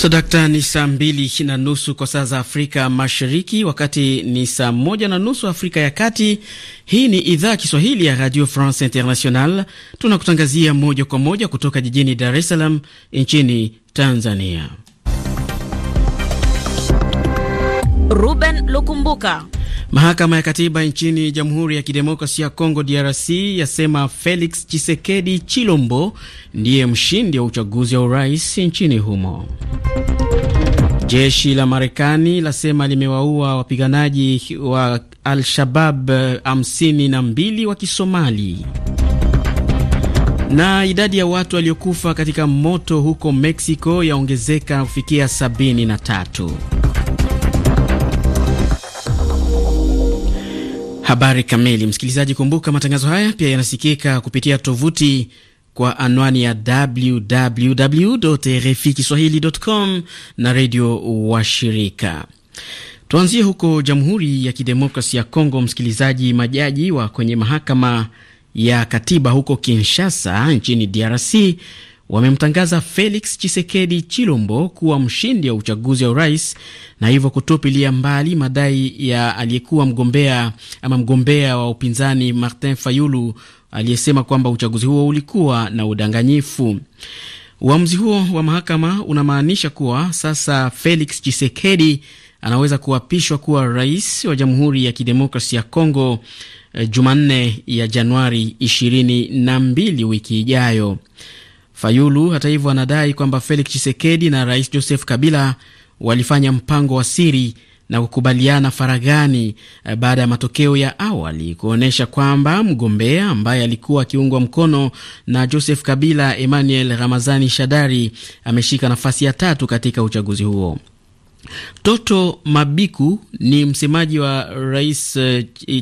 So dakta ni saa mbili na nusu kwa saa za Afrika Mashariki, wakati ni saa moja na nusu Afrika ya Kati. Hii ni idhaa Kiswahili ya Radio France International, tunakutangazia moja kwa moja kutoka jijini Dar es Salaam nchini Tanzania. Ruben Lukumbuka. Mahakama ya Katiba nchini Jamhuri ya Kidemokrasia ya Kongo DRC yasema Felix Chisekedi Chilombo ndiye mshindi wa uchaguzi wa urais nchini humo. Jeshi la Marekani lasema limewaua wapiganaji wa Al-Shabab 52 wa Kisomali. Na idadi ya watu waliokufa katika moto huko Mexico yaongezeka kufikia 73. Habari kamili, msikilizaji, kumbuka matangazo haya pia yanasikika kupitia tovuti kwa anwani ya www RFI kiswahilicom na redio wa shirika Tuanzie huko Jamhuri ya Kidemokrasi ya Kongo, msikilizaji. Majaji wa kwenye mahakama ya katiba huko Kinshasa nchini DRC wamemtangaza Felix Chisekedi Chilombo kuwa mshindi wa uchaguzi wa urais na hivyo kutupilia mbali madai ya aliyekuwa mgombea ama mgombea wa upinzani Martin Fayulu aliyesema kwamba uchaguzi huo ulikuwa na udanganyifu. Uamuzi huo wa mahakama unamaanisha kuwa sasa Felix Chisekedi anaweza kuapishwa kuwa rais wa Jamhuri ya Kidemokrasi ya Kongo eh, Jumanne ya Januari 22 wiki ijayo. Fayulu hata hivyo anadai kwamba Felix chisekedi na Rais Joseph Kabila walifanya mpango wa siri na kukubaliana faragani eh, baada ya matokeo ya awali kuonyesha kwamba mgombea ambaye alikuwa akiungwa mkono na Joseph Kabila, Emmanuel Ramazani Shadari, ameshika nafasi ya tatu katika uchaguzi huo. Toto Mabiku ni msemaji wa Rais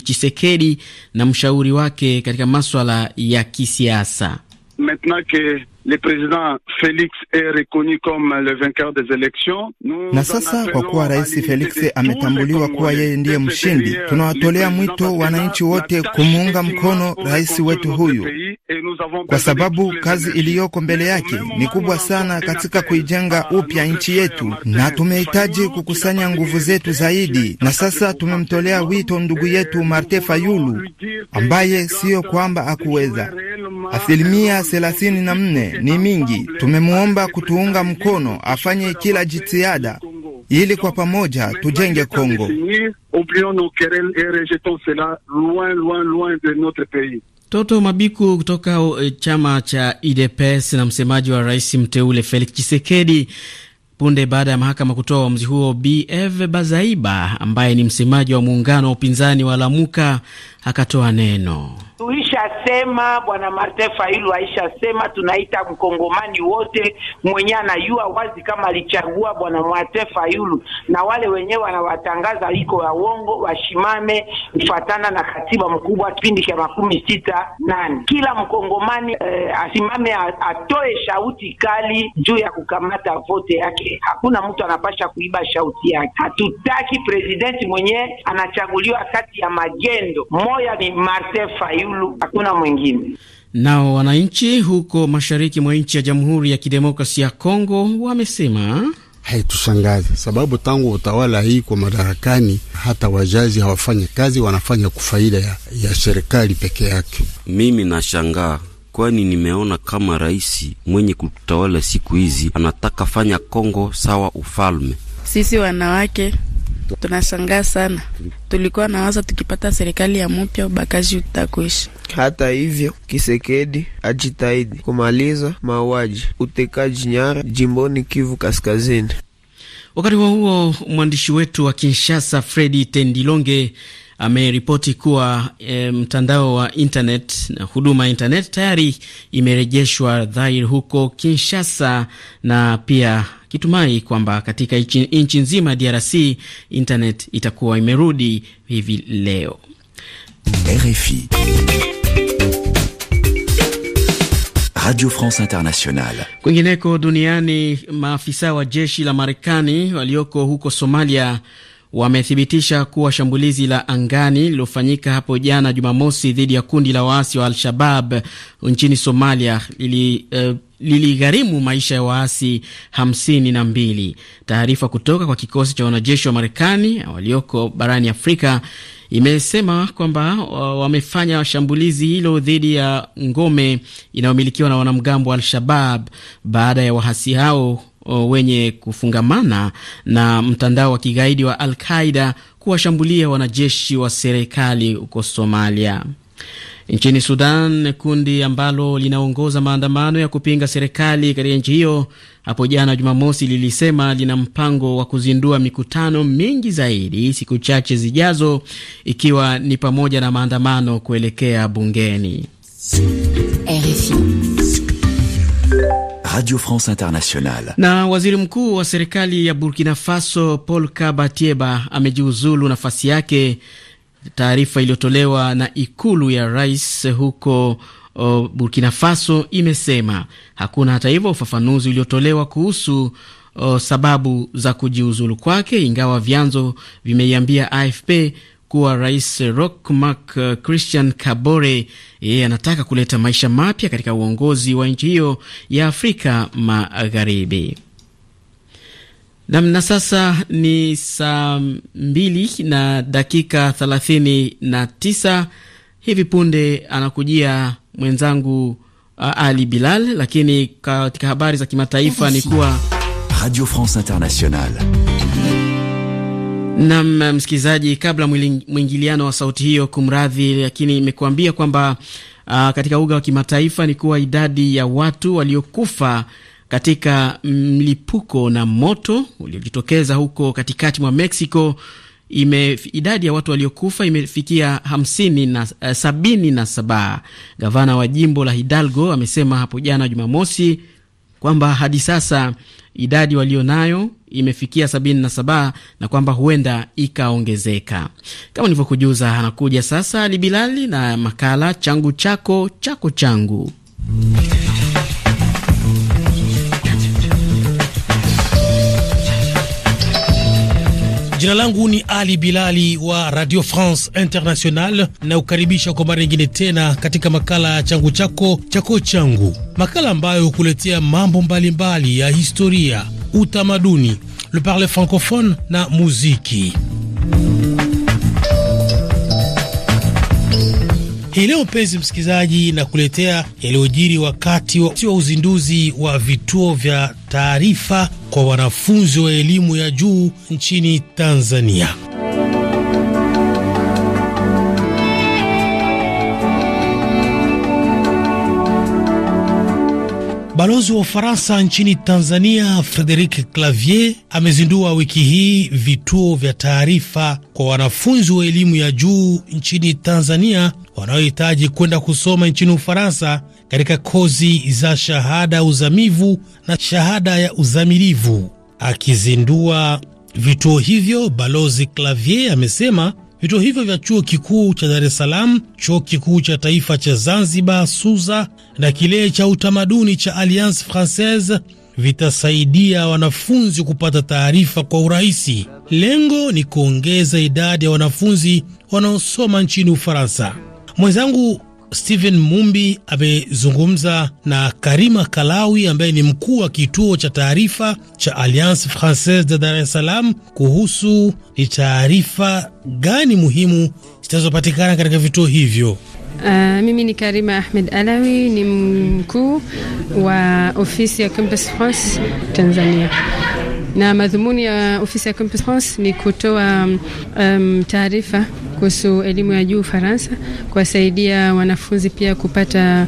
Chisekedi eh, na mshauri wake katika maswala ya kisiasa maintenant que le président Félix est reconnu comme le vainqueur des elections. Na sasa kwa kuwa rais Félix ametambuliwa kuwa yeye ndiye mshindi, tunawatolea mwito wananchi wote kumuunga mkono rais wetu huyu, kwa sababu kazi iliyoko mbele yake ni kubwa sana katika kuijenga upya nchi yetu, na tumehitaji kukusanya nguvu zetu zaidi. Na sasa tumemtolea wito ndugu yetu Marte Fayulu, ambaye siyo kwamba akuweza Asilimia thelathini na nne ni mingi. Tumemwomba kutuunga mkono, afanye kila jitihada ili kwa pamoja tujenge Kongo. Toto Mabiku kutoka eh, chama cha UDPS na msemaji wa rais mteule Felix chisekedi Punde baada ya mahakama kutoa uamuzi huo, BF Bazaiba ambaye ni msemaji wa muungano wa upinzani wa Lamuka akatoa neno. Tuishasema bwana Martin Fayulu aishasema, tunaita mkongomani wote mwenye anajua wazi kama alichagua bwana Martin Fayulu na wale wenyewe wanawatangaza iko ya uongo, washimame kufatana na katiba mkubwa kipindi cha makumi sita nane. Kila mkongomani eh, asimame atoe shauti kali juu ya kukamata vote yake. Hakuna mtu anapasha kuiba shauti yake. Hatutaki presidenti mwenye anachaguliwa kati ya magendo moya, ni Martin Fayulu kujifaulu, hakuna mwingine. Nao wananchi huko mashariki mwa nchi ya Jamhuri ya Kidemokrasia ya Kongo wamesema haitushangazi sababu tangu utawala hii kwa madarakani, hata wazazi hawafanyi kazi, wanafanya kufaida faida ya, ya serikali peke yake. Mimi nashangaa kwani nimeona kama rais mwenye kutawala siku hizi anataka fanya Kongo sawa ufalme. Sisi wanawake tunashangaa sana. Tulikuwa nawaza tukipata serikali ya mupya ubakaji utakuisha. Hata hivyo, Kisekedi ajitahidi kumaliza mauaji, utekaji nyara jimboni Kivu Kaskazini. Wakati wa huo mwandishi wetu wa Kinshasa Fredi Tendilonge ameripoti kuwa e, mtandao wa internet na huduma ya internet tayari imerejeshwa dhahiri huko Kinshasa na pia kitumai kwamba katika nchi nzima DRC internet itakuwa imerudi hivi leo. RFI Radio France Internationale. Kwingineko duniani, maafisa wa jeshi la Marekani walioko huko Somalia wamethibitisha kuwa shambulizi la angani lililofanyika hapo jana Jumamosi dhidi ya kundi la waasi wa Al-Shabab nchini Somalia lili uh, liligharimu maisha ya waasi hamsini na mbili. Taarifa kutoka kwa kikosi cha wanajeshi wa Marekani walioko barani Afrika imesema kwamba wamefanya shambulizi hilo dhidi ya ngome inayomilikiwa na wanamgambo wa Al-Shabab baada ya wahasi hao wenye kufungamana na mtandao wa kigaidi wa Al Qaida kuwashambulia wanajeshi wa serikali huko Somalia. Nchini Sudan, kundi ambalo linaongoza maandamano ya kupinga serikali katika nchi hiyo hapo jana Jumamosi lilisema lina mpango wa kuzindua mikutano mingi zaidi siku chache zijazo, ikiwa ni pamoja na maandamano kuelekea bungeni RFI. Radio France Internationale. Na waziri mkuu wa serikali ya Burkina Faso Paul kabatieba amejiuzulu nafasi yake, taarifa iliyotolewa na ikulu ya rais huko o, Burkina Faso imesema. Hakuna hata hivyo ufafanuzi uliotolewa kuhusu o, sababu za kujiuzulu kwake, ingawa vyanzo vimeiambia AFP kuwa Rais Roch eh, Marc Christian Kabore yeye anataka kuleta maisha mapya katika uongozi wa nchi hiyo ya Afrika Magharibi. Nam, na sasa ni saa mbili na dakika thelathini na tisa. Hivi punde anakujia mwenzangu eh, Ali Bilal, lakini katika habari za kimataifa ni kuwa Radio France Internationale Nam msikilizaji, kabla mwingiliano wa sauti hiyo kumradhi, lakini imekuambia kwamba uh, katika uga wa kimataifa ni kuwa idadi ya watu waliokufa katika mlipuko na moto uliojitokeza huko katikati mwa Mexico ime, idadi ya watu waliokufa imefikia hamsini na, uh, sabini na saba. Gavana wa jimbo la Hidalgo amesema hapo jana Jumamosi kwamba hadi sasa idadi walionayo imefikia sabini na saba na kwamba huenda ikaongezeka. Kama nilivyokujuza, anakuja sasa Ali Bilali na makala changu chako chako changu. Jina langu ni Ali Bilali wa Radio France International na ukaribisha kwa mara nyingine tena katika makala ya changu chako chako changu, makala ambayo hukuletea mambo mbalimbali mbali ya historia utamaduni, le parle francophone na muziki. Hii leo mpenzi msikilizaji, na kuletea yaliyojiri wakati wa uzinduzi wa vituo vya taarifa kwa wanafunzi wa elimu ya juu nchini Tanzania. Balozi wa Ufaransa nchini Tanzania Frederic Clavier amezindua wiki hii vituo vya taarifa kwa wanafunzi wa elimu ya juu nchini Tanzania wanaohitaji kwenda kusoma nchini Ufaransa katika kozi za shahada ya uzamivu na shahada ya uzamilivu. Akizindua vituo hivyo, Balozi Clavier amesema Vituo hivyo vya chuo kikuu cha Dar es Salaam, chuo kikuu cha taifa cha Zanzibar SUZA na kile cha utamaduni cha Alliance Francaise vitasaidia wanafunzi kupata taarifa kwa urahisi. Lengo ni kuongeza idadi ya wanafunzi wanaosoma nchini Ufaransa. Mwenzangu Stephen Mumbi amezungumza na Karima Kalawi ambaye ni mkuu wa kituo cha taarifa cha Alliance Francaise de Dar es Salaam kuhusu ni taarifa gani muhimu zitazopatikana katika vituo hivyo. Uh, mimi ni Karima Ahmed Alawi ni mkuu wa ofisi ya Campus France Tanzania na madhumuni ya ofisi ya Campus France ni kutoa um, taarifa kuhusu elimu ya juu Ufaransa, kuwasaidia wanafunzi pia kupata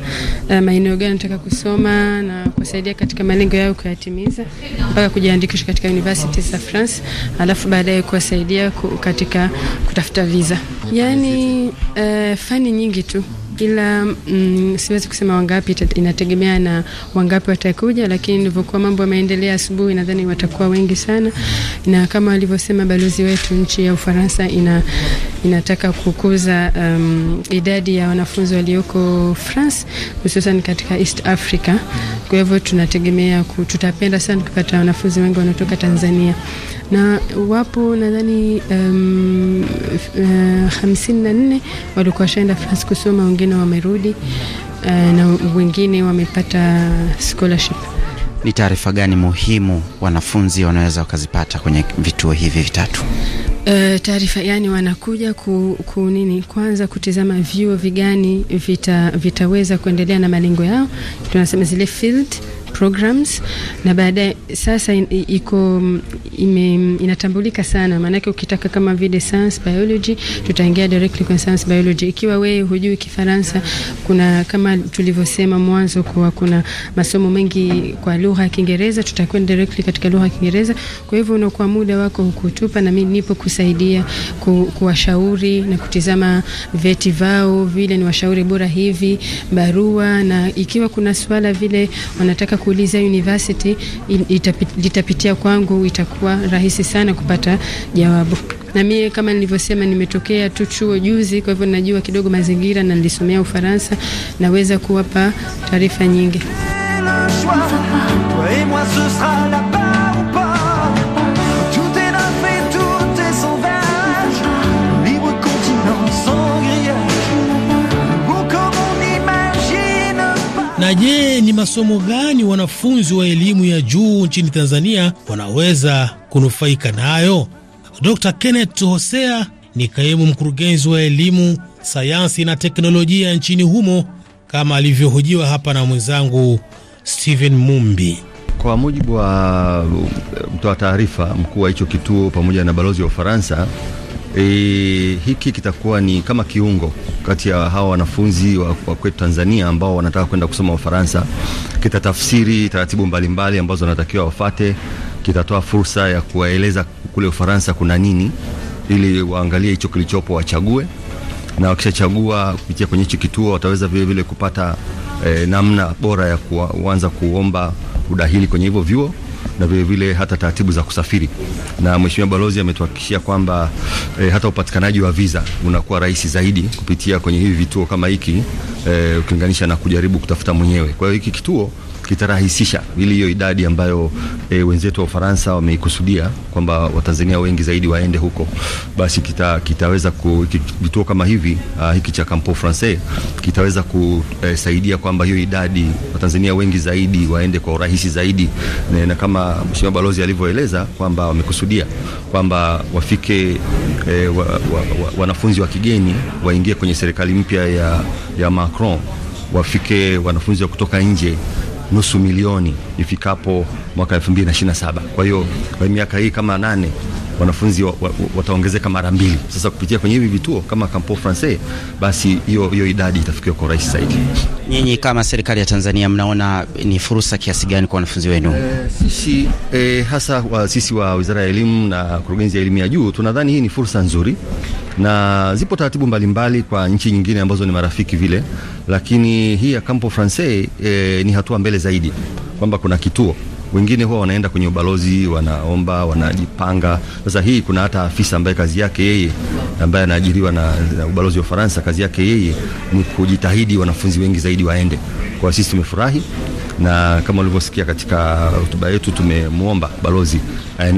uh, maeneo gani wanataka kusoma na kuwasaidia katika malengo yao kuyatimiza mpaka kujiandikisha katika universities za France, alafu baadaye kuwasaidia katika kutafuta visa. yani uh, fani nyingi tu ila mm, siwezi kusema wangapi, inategemea na wangapi watakuja, lakini ndivyokuwa mambo yameendelea asubuhi, nadhani watakuwa wengi sana, na kama walivyosema balozi wetu nchi ya Ufaransa ina inataka kukuza um, idadi ya wanafunzi walioko France hususan katika East Africa. Kwa hivyo tunategemea, tutapenda sana kupata wanafunzi wengi wanaotoka Tanzania na wapo nadhani um, uh, hamsini na nne walikuwa washaenda France kusoma, wengine wamerudi uh, na wengine wamepata scholarship ni taarifa gani muhimu wanafunzi wanaweza wakazipata kwenye vituo hivi vitatu? Uh, taarifa yani wanakuja ku, ku nini kwanza kutizama vyuo vigani vita, vitaweza kuendelea na malengo yao, tunasema zile field programs na baadaye sasa in, iko mm, ime, inatambulika sana, maanake ukitaka kama vile science biology tutaingia directly kwa science biology. Ikiwa wewe hujui Kifaransa, kuna kama tulivyosema mwanzo kwa kuna masomo mengi kwa lugha ya Kiingereza, tutakwenda directly katika lugha ya Kiingereza. Kwa hivyo unakuwa muda wako hukutupa, na mimi nipo kusaidia ku, kuwashauri na kutizama veti vao vile ni washauri bora hivi barua, na ikiwa kuna swala vile wanataka kuulizia university litapitia kwangu, itakuwa rahisi sana kupata jawabu. Na mie kama nilivyosema, nimetokea tu chuo juzi, kwa hivyo najua kidogo mazingira na nilisomea Ufaransa, naweza kuwapa taarifa nyingi. je, ni masomo gani wanafunzi wa elimu ya juu nchini Tanzania wanaweza kunufaika nayo? Dr. Kenneth Hosea ni kaimu mkurugenzi wa elimu, sayansi na teknolojia nchini humo kama alivyohojiwa hapa na mwenzangu Steven Mumbi. Kwa mujibu wa uh, mtoa taarifa mkuu wa hicho kituo pamoja na balozi wa Ufaransa E, hiki kitakuwa ni kama kiungo kati ya hawa wanafunzi wa, wa kwetu Tanzania ambao wanataka kwenda kusoma Ufaransa. Kitatafsiri taratibu mbalimbali ambazo wanatakiwa wafate, kitatoa fursa ya kuwaeleza kule Ufaransa kuna nini, ili waangalie hicho kilichopo wachague, na wakishachagua kupitia kwenye hichi kituo wataweza vile vile kupata eh, namna bora ya kuanza kuomba udahili kwenye hivyo vyuo na vile vile hata taratibu za kusafiri, na mheshimiwa balozi ametuhakikishia kwamba e, hata upatikanaji wa visa unakuwa rahisi zaidi kupitia kwenye hivi vituo kama hiki e, ukilinganisha na kujaribu kutafuta mwenyewe. Kwa hiyo hiki kituo kitarahisisha ili hiyo idadi ambayo e, wenzetu wa Ufaransa wameikusudia kwamba Watanzania wengi zaidi waende huko, basi kita, kitaweza ku, vituo kama hivi uh, hiki cha Campo Francais kitaweza kusaidia e, kwamba hiyo idadi Watanzania wengi zaidi waende kwa urahisi zaidi, na, na kama Mheshimiwa Balozi alivyoeleza kwamba wamekusudia kwamba wafike e, wa, wa, wa, wanafunzi wa kigeni waingie kwenye serikali mpya ya, ya Macron wafike wanafunzi wa kutoka nje nusu milioni ifikapo mwaka 2027. Kwa hiyo kwa miaka hii kama nane wanafunzi wa, wa, wataongezeka mara mbili. Sasa kupitia kwenye hivi vituo kama Campo Francais, basi hiyo hiyo idadi itafikiwa kwa urahisi zaidi. Nyinyi kama serikali ya Tanzania mnaona ni fursa kiasi gani kwa wanafunzi wenu? E, sisi e, hasa wa, sisi wa Wizara ya Elimu na Kurugenzi ya Elimu ya Juu tunadhani hii ni fursa nzuri na zipo taratibu mbalimbali kwa nchi nyingine ambazo ni marafiki vile, lakini hii ya Campo Francais e, ni hatua mbele zaidi kwamba kuna kituo wengine huwa wanaenda kwenye ubalozi wanaomba, wanajipanga. Sasa hii kuna hata afisa ambaye kazi yake yeye ambaye anaajiriwa na, na ubalozi wa Ufaransa, kazi yake yeye ni kujitahidi wanafunzi wengi zaidi waende. Kwa sisi tumefurahi na kama ulivyosikia katika hotuba yetu, tumemwomba balozi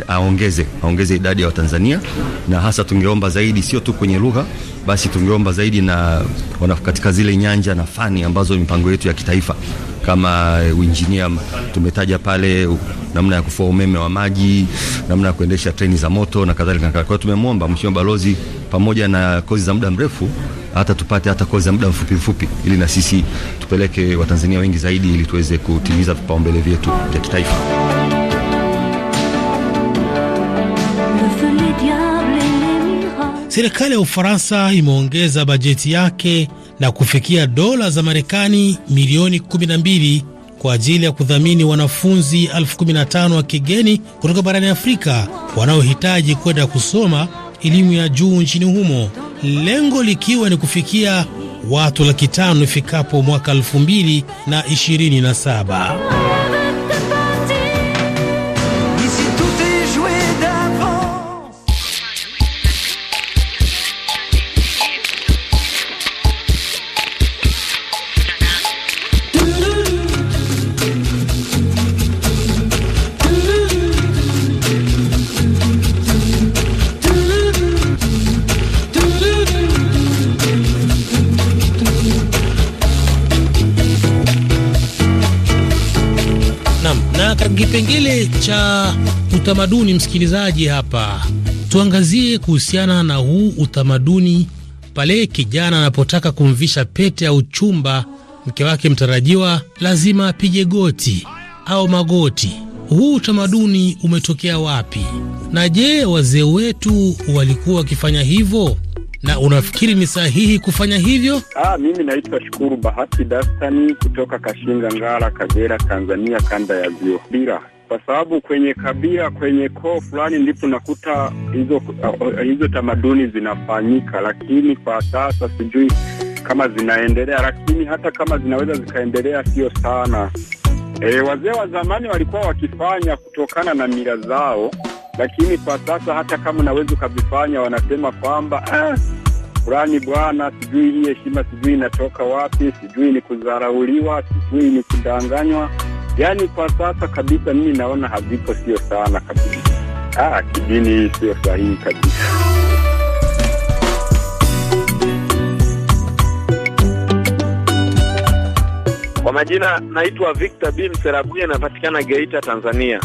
aongeze aongeze idadi ya Watanzania, na hasa tungeomba zaidi, sio tu kwenye lugha basi, tungeomba zaidi na katika zile nyanja na fani ambazo mipango yetu ya kitaifa kama uinjinia tumetaja pale, namna ya kufua umeme wa maji, namna ya kuendesha treni za moto na kadhalika. Kwa hiyo tumemwomba mheshimiwa balozi, pamoja na kozi za muda mrefu hata tupate hata kozi za muda mfupi mfupi, ili na sisi tupeleke Watanzania wengi zaidi, ili tuweze kutimiza vipaumbele vyetu vya kitaifa. Serikali ya Ufaransa imeongeza bajeti yake na kufikia dola za Marekani milioni 12 kwa ajili ya kudhamini wanafunzi 15 wa kigeni kutoka barani Afrika wanaohitaji kwenda kusoma elimu ya juu nchini humo lengo likiwa ni kufikia watu laki tano ifikapo mwaka elfu mbili na ishirini na saba. kipengele cha utamaduni, msikilizaji, hapa tuangazie kuhusiana na huu utamaduni pale kijana anapotaka kumvisha pete au chumba mke wake mtarajiwa, lazima apige goti au magoti. Huu utamaduni umetokea wapi? Na je, wazee wetu walikuwa wakifanya hivyo? na unafikiri ni sahihi kufanya hivyo? Ah, mimi naitwa Shukuru Bahati Dastani kutoka Kashinga Ngara, Kagera, Tanzania, kanda ya Ziwa bila kwa sababu kwenye kabila kwenye koo fulani ndipo nakuta hizo uh, hizo tamaduni zinafanyika, lakini kwa sasa sijui kama zinaendelea, lakini hata kama zinaweza zikaendelea, sio sana. E, wazee wa zamani walikuwa wakifanya kutokana na mila zao lakini kwa sasa hata kama unaweza ukavifanya, wanasema kwamba ah, fulani bwana, sijui hii heshima sijui inatoka wapi, sijui ni kudharauliwa, sijui ni kudanganywa. Yaani kwa sasa kabisa mimi naona haziko sio sana kabisa. Ah, kidini hii sio sahihi kabisa. Kwa majina naitwa Victor B Mserabuye, napatikana Geita, Tanzania.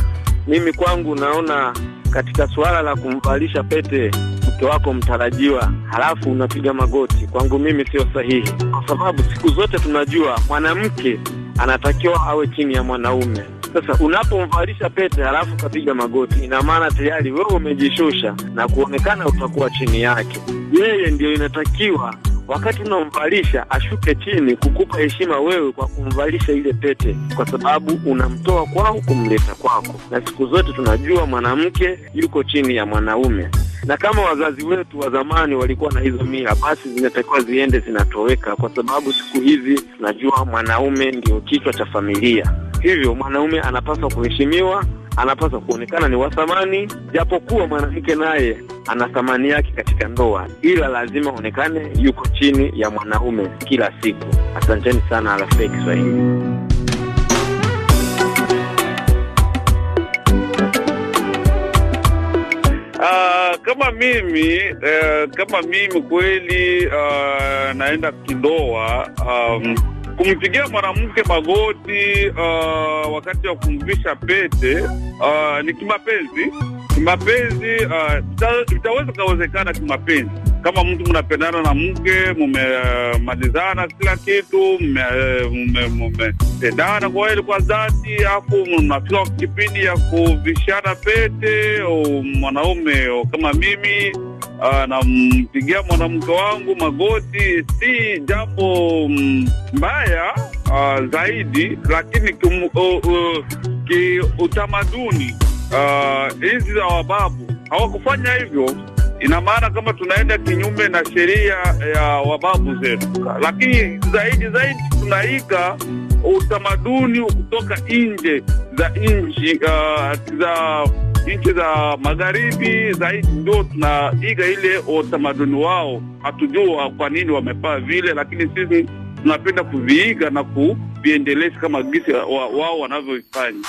Mimi kwangu naona katika suala la kumvalisha pete mke wako mtarajiwa, halafu unapiga magoti, kwangu mimi sio sahihi, kwa sababu siku zote tunajua mwanamke anatakiwa awe chini ya mwanaume. Sasa unapomvalisha pete halafu ukapiga magoti, ina maana tayari wewe umejishusha na kuonekana utakuwa chini yake. Yeye ndiyo inatakiwa wakati unamvalisha ashuke chini kukupa heshima wewe kwa kumvalisha ile pete, kwa sababu unamtoa kwao kumleta kwako. Na siku zote tunajua mwanamke yuko chini ya mwanaume, na kama wazazi wetu wa zamani walikuwa na hizo mila, basi zinatakiwa ziende zinatoweka, kwa sababu siku hizi tunajua mwanaume ndio kichwa cha familia. Hivyo mwanaume anapaswa kuheshimiwa anapaswa kuonekana ni wa thamani, japokuwa mwanamke naye ana thamani yake katika ndoa, ila lazima aonekane yuko chini ya mwanaume kila siku. Asanteni sana rafiki Kiswahili. Ah, kama mimi eh, kama mimi kweli uh, naenda kindoa um, kumpigia mwanamke magoti uh, wakati wa kumvisha pete uh, ni kimapenzi. Kimapenzi uh, vitaweza kawezekana kimapenzi, kama mtu mnapendana na mke, mumemalizana kila kitu, mumependana kwa kweli kwa dhati, afu mnafika kipindi ya kuvishana pete, mwanaume kama mimi anampigia ah, mwanamke wangu magoti si jambo mm, mbaya uh, zaidi, lakini kiutamaduni uh, uh ah, hizi uh, za wababu hawakufanya hivyo. Ina maana kama tunaenda kinyume na sheria ya wababu zetu, lakini zaidi zaidi tunaika utamaduni kutoka nje za nchi uh, za nchi za magharibi zaidi ndio tunaiga ile utamaduni wao. Hatujua kwa nini wamepaa vile, lakini sisi tunapenda kuviiga na kuviendeleza kama gisi wa, wao wanavyovifanya.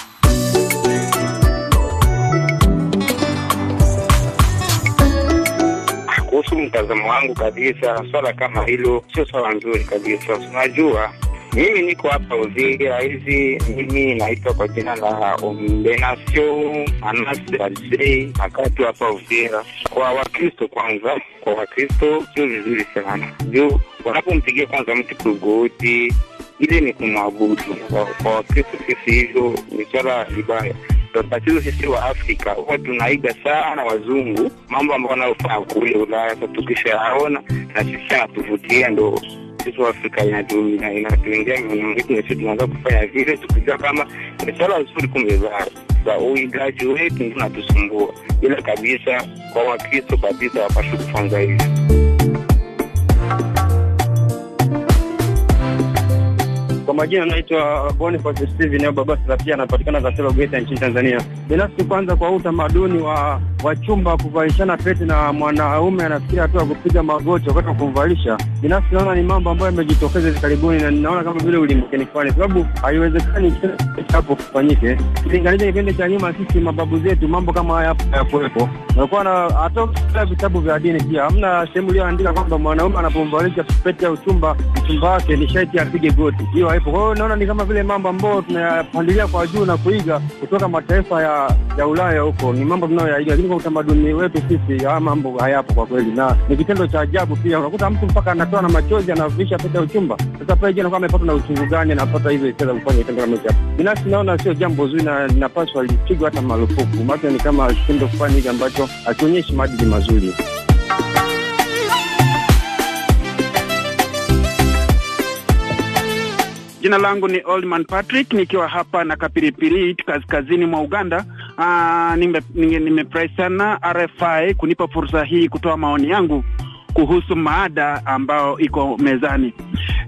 Kuhusu mtazamo wangu kabisa, swala kama hilo sio swala nzuri kabisa. Unajua mimi niko hapa Uvira hizi, Mimi naitwa kwa jina la Ombenasio Anas akati hapa Uvira kwa Wakristo. Kwanza kwa Wakristo sio vizuri sana juu wanapompigia kwanza mtu kugoti, ile ni kumwabudu. Kwa Wakristo sisi hizo ni swala libaya Tatizo sisi wa Afrika huwa tunaiga sana wazungu, mambo ambayo wanayofanya kule Ulaya, Tukishaona na sisi anatuvutia ndo sisi Waafrika inatuingia mwetu na sisi tunaanza kufanya vile tukijua kama ni swala nzuri, kumbe za uigaji wetu ndio natusumbua, ila kabisa kwa Wakristo kabisa wapashe kufanza hivyo. Kwa majina naitwa Boniface Steven au Baba Serapia, anapatikana Kasero Geita nchini Tanzania. Binafsi kwanza, kwa utamaduni wa wachumba kuvalishana pete na mwanaume anafikia hatua kupiga magoti wakati wa kumvalisha, binafsi naona ni mambo ambayo yamejitokeza hivi karibuni, na ninaona kama vile ulimkeni fulani, sababu haiwezekani hapo kufanyike. Kilinganisha kipindi cha nyuma, sisi mababu zetu mambo kama haya hayakuwepo, walikuwa na hata vitabu vya dini pia hamna sehemu iliyoandika kwamba mwanaume anapomvalisha pete ya uchumba mchumba wake ni sharti apige goti hiyo hawaepo. Kwa hiyo naona ni kama vile mambo ambayo tunayapandilia kwa juu na kuiga kutoka mataifa ya, ya Ulaya huko, ni mambo tunayoyaiga, lakini kwa utamaduni wetu sisi haya mambo hayapo kwa kweli, na ni kitendo cha ajabu pia. Unakuta mtu mpaka anatoa na machozi, anavisha pete ya uchumba. Sasa pale je, anakuwa amepatwa na uchungu gani anapata hizo hisia kufanya kitendo kama hicho? Binafsi naona sio jambo zuri na linapaswa lipigwa hata marufuku, maana ni kama kitendo kufanya hiki ambacho hakionyeshi maadili mazuri. Jina langu ni Oldman Patrick nikiwa hapa na Kapiripiri kaskazini mwa Uganda. Ah, nimefurahi sana RFI kunipa fursa hii kutoa maoni yangu kuhusu maada ambayo iko mezani.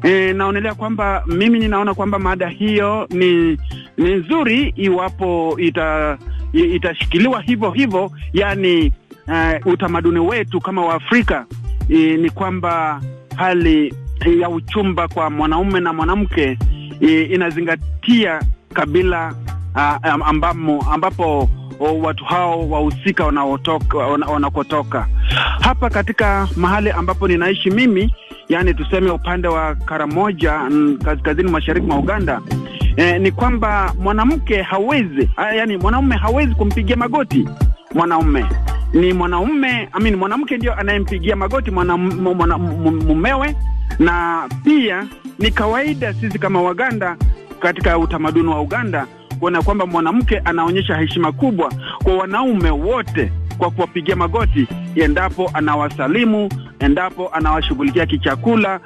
E, naonelea kwamba mimi ninaona kwamba maada hiyo ni ni nzuri iwapo ita, itashikiliwa hivyo hivyo, yani uh, utamaduni wetu kama Waafrika e, ni kwamba hali Eh, ya uchumba kwa mwanaume na mwanamke eh, inazingatia kabila ah, ambamo, ambapo watu hao wahusika wanakotoka. Hapa katika mahali ambapo ninaishi mimi, yani tuseme upande wa Karamoja mm, kaskazini mashariki mwa Uganda, eh, ni kwamba mwanamke hawezi ah, yani mwanaume hawezi kumpigia magoti mwanaume ni mwanaume I mwanamke ndio anayempigia magoti mwana, mwana, mumewe na pia ni kawaida sisi kama Waganda katika utamaduni wa Uganda kuona kwamba mwanamke anaonyesha heshima kubwa kwa wanaume wote kwa kuwapigia magoti endapo anawasalimu, endapo anawashughulikia kichakula,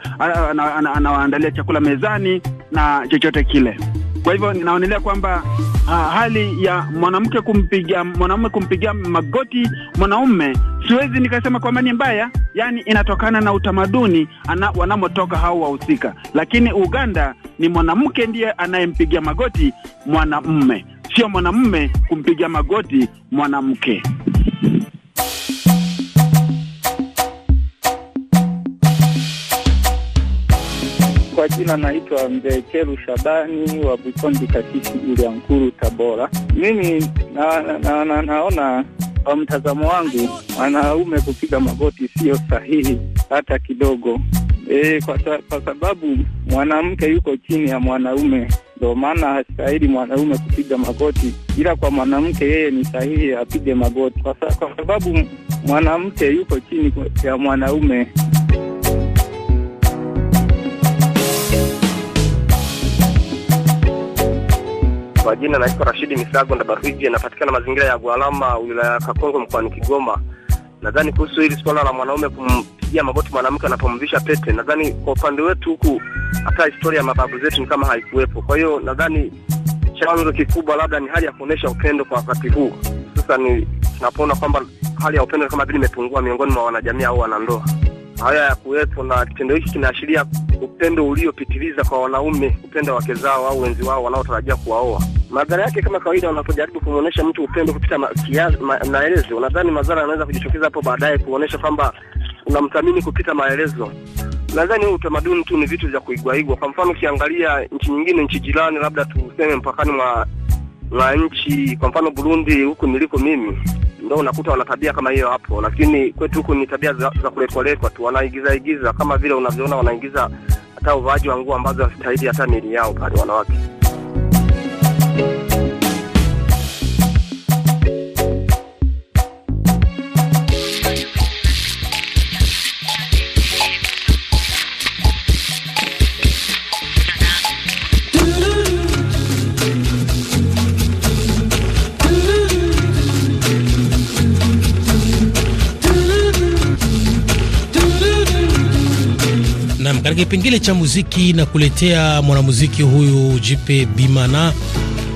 anawaandalia chakula mezani na chochote kile. Kwa hivyo ninaonelea kwamba uh, hali ya mwanamke kumpiga mwanaume kumpigia magoti mwanaume, siwezi nikasema kwamba ni mbaya, yani inatokana na utamaduni wanamotoka hao wahusika. Lakini Uganda ni mwanamke ndiye anayempigia magoti mwanamume, sio mwanamume kumpigia magoti mwanamke. Kwa jina naitwa mzee cheru Shabani wa Bukondi Katiki Ulyankuru Tabora. Mimi na, na, na, na, naona kwa mtazamo wangu wanaume kupiga magoti sio sahihi hata kidogo. E, kwa, kwa sababu mwanamke yuko chini ya mwanaume, ndo maana hastahili mwanaume kupiga magoti, ila kwa mwanamke yeye ni sahihi apige magoti kwa, kwa sababu mwanamke yuko chini ya mwanaume. Kwa jina naitwa Rashidi Misago na Barwiji, napatikana mazingira ya Gwalama, wilaya ya Kakongo, mkoani Kigoma. Nadhani kuhusu hili swala la mwanaume kumpigia magoti mwanamke anapomvisha pete, nadhani kwa upande wetu huku hata historia ya mababu zetu ni kama haikuwepo. Kwa hiyo nadhani chanzo kikubwa labda ni hali ya kuonesha upendo kwa wakati huu. Sasa ni tunapoona kwamba hali ya upendo kama vile imepungua miongoni mwa wanajamii au wanandoa haya ya kuwepo, na kitendo hiki kinaashiria upendo uliopitiliza kwa wanaume upenda wake zao au wenzi wao wanaotarajia kuwaoa. Madhara yake kama kawaida, unapojaribu kumwonyesha mtu upendo kupita maelezo, nadhani madhara yanaweza kujitokeza hapo baadaye, kuonyesha kwamba unamthamini kupita maelezo. Nadhani huu utamaduni tu ni vitu vya kuigwaigwa. Kwa mfano, ukiangalia nchi nyingine, nchi jirani, labda tuseme mpakani mwa nchi, kwa mfano Burundi, huku niliko mimi ndio unakuta wana tabia kama hiyo hapo, lakini kwetu huku ni tabia za, za kuletwaletwa tu, wanaigiza igiza kama vile unavyoona, wanaigiza hata uvaaji wa nguo ambazo hastahili hata mili yao pale wanawake. Katika kipengele cha muziki na kuletea mwanamuziki huyu Jipe Bimana,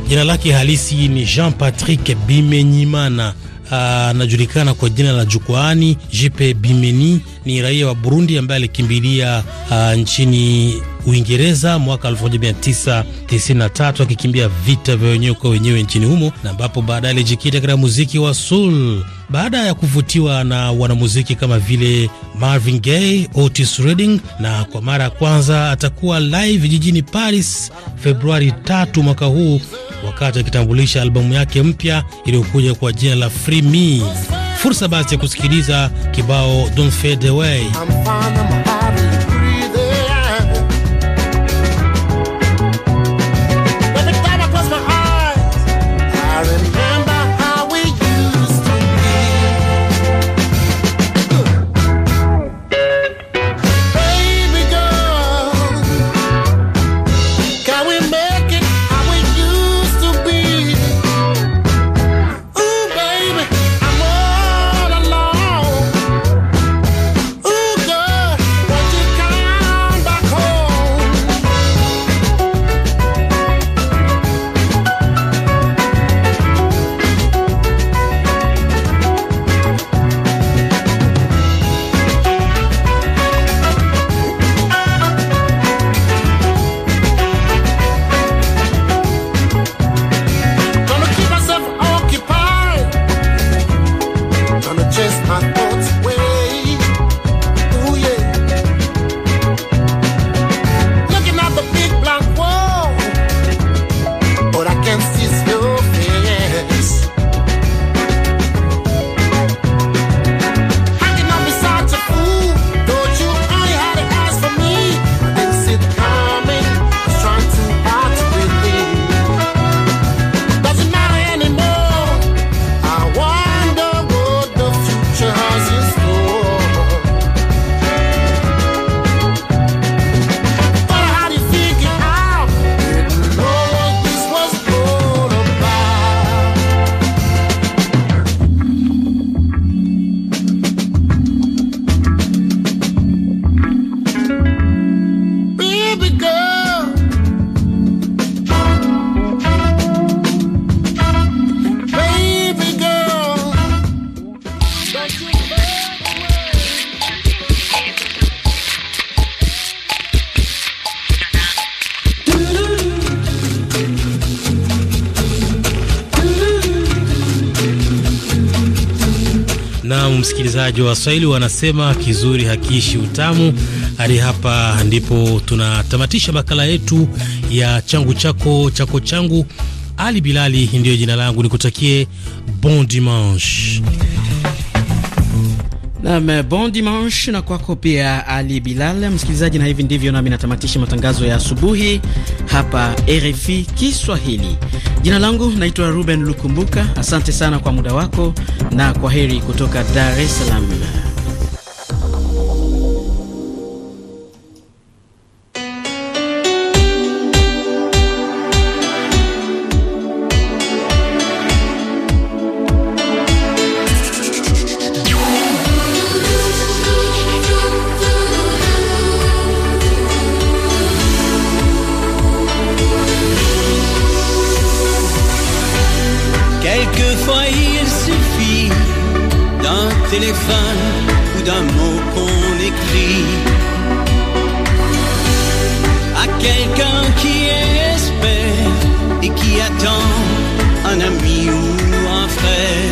jina lake halisi ni Jean Patrick Bimenyimana. Ah, anajulikana kwa jina la jukwaani Jipe Bimeni. Ni raia wa Burundi ambaye alikimbilia ah, nchini Uingereza mwaka 1993 akikimbia vita vya wenyewe kwa wenyewe nchini humo na ambapo baadaye alijikita katika muziki wa soul baada ya kuvutiwa na wanamuziki kama vile Marvin Gaye, Otis Redding, na kwa mara ya kwanza atakuwa live jijini Paris Februari 3 mwaka huu, wakati akitambulisha albamu yake mpya iliyokuja kwa jina la Free Me. Fursa basi ya kusikiliza kibao Don't Fade Away. Na msikilizaji wa Waswahili wanasema kizuri hakiishi utamu. Hadi hapa ndipo tunatamatisha makala yetu ya changu chako chako changu. Ali Bilali ndiyo jina langu, nikutakie bon dimanche. Nam, eh, bon dimanche na kwako pia Ali Bilal msikilizaji, na hivi ndivyo nami natamatisha matangazo ya asubuhi hapa RFI Kiswahili. Jina langu naitwa Ruben Lukumbuka. Asante sana kwa muda wako na kwa heri kutoka Dar es Salaam. téléphone ou d'un mot qu'on écrit à quelqu'un qui espère et qui attend un ami ou un frère.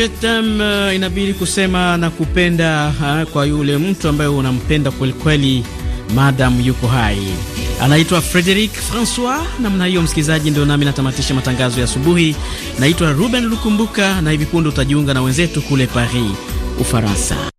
Je t'aime uh, inabidi kusema na kupenda uh, kwa yule mtu ambaye unampenda kwelikweli madam yuko hai. Anaitwa Frederic Francois. Namna hiyo, msikilizaji, ndio nami natamatisha matangazo ya asubuhi. Naitwa Ruben Lukumbuka na hivi punde utajiunga na wenzetu kule Paris, Ufaransa.